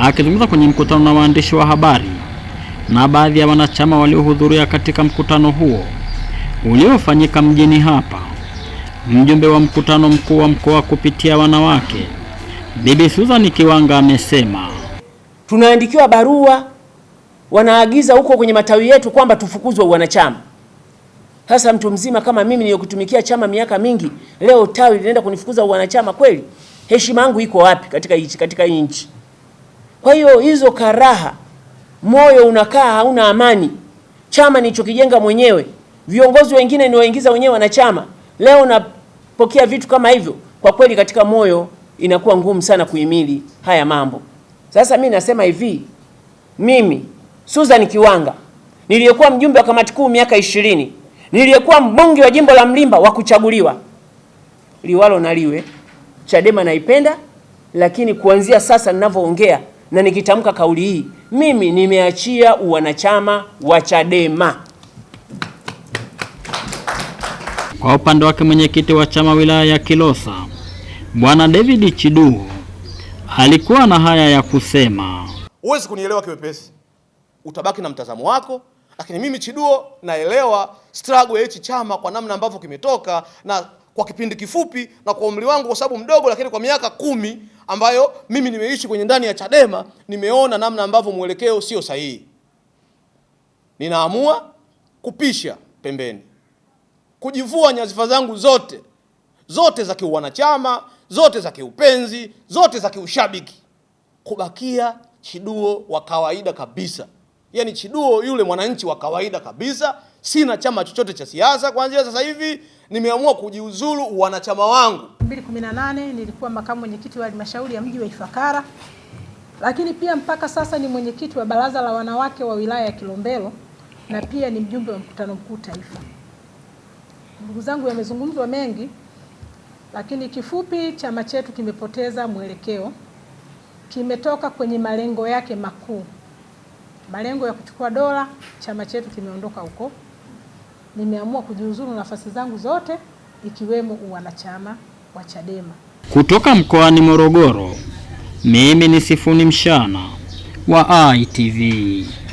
Akizungumza kwenye mkutano na waandishi wa habari na baadhi ya wanachama waliohudhuria katika mkutano huo uliofanyika mjini hapa, mjumbe wa mkutano mkuu wa mkoa kupitia wanawake, Bibi Susan Kiwanga amesema tunaandikiwa barua, wanaagiza huko kwenye matawi yetu kwamba tufukuzwe wanachama. Sasa mtu mzima kama mimi niliyokutumikia chama miaka mingi, leo tawi linaenda kunifukuza wanachama? Kweli heshima yangu iko wapi katika hii katika nchi? Kwa hiyo hizo karaha, moyo unakaa hauna amani, chama nilichokijenga mwenyewe, viongozi wengine niwaingiza wenyewe wanachama, leo napokea vitu kama hivyo, kwa kweli katika moyo inakuwa ngumu sana kuhimili haya mambo. Sasa mi nasema hivi, mimi Susan Kiwanga niliyekuwa mjumbe wa kamati kuu miaka ishirini, niliyekuwa mbunge wa jimbo la Mlimba wa kuchaguliwa, liwalo na liwe, Chadema naipenda, lakini kuanzia sasa ninavyoongea na nikitamka kauli hii, mimi nimeachia uwanachama wa Chadema. Kwa upande wake mwenyekiti wa chama wilaya ya Kilosa Bwana David Chiduo alikuwa na haya ya kusema. Huwezi kunielewa kiwepesi, utabaki na mtazamo wako, lakini mimi Chiduo naelewa struggle ya hichi chama kwa namna ambavyo kimetoka na kwa kipindi kifupi na kwa umri wangu, kwa sababu mdogo, lakini kwa miaka kumi ambayo mimi nimeishi kwenye ndani ya Chadema nimeona namna ambavyo mwelekeo sio sahihi. Ninaamua kupisha pembeni, kujivua nyadhifa zangu zote zote za kiuwanachama, zote za kiupenzi, zote za kiushabiki, kubakia chiduo wa kawaida kabisa, yaani chiduo yule mwananchi wa kawaida kabisa sina chama chochote cha siasa. Kuanzia sasa hivi nimeamua kujiuzulu wanachama wangu. 2018 nilikuwa makamu mwenyekiti wa halmashauri ya mji wa Ifakara, lakini pia mpaka sasa ni mwenyekiti wa baraza la wanawake wa wilaya ya Kilombero na pia ni mjumbe wa mkutano mkuu taifa. Ndugu zangu, yamezungumzwa mengi, lakini kifupi, chama chetu kimepoteza mwelekeo, kimetoka kwenye malengo yake makuu, malengo ya kuchukua dola. Chama chetu kimeondoka huko nimeamua kujiuzuru nafasi zangu zote ikiwemo uwanachama wa Chadema. Kutoka mkoani Morogoro, mimi ni Sifuni Mshana wa ITV.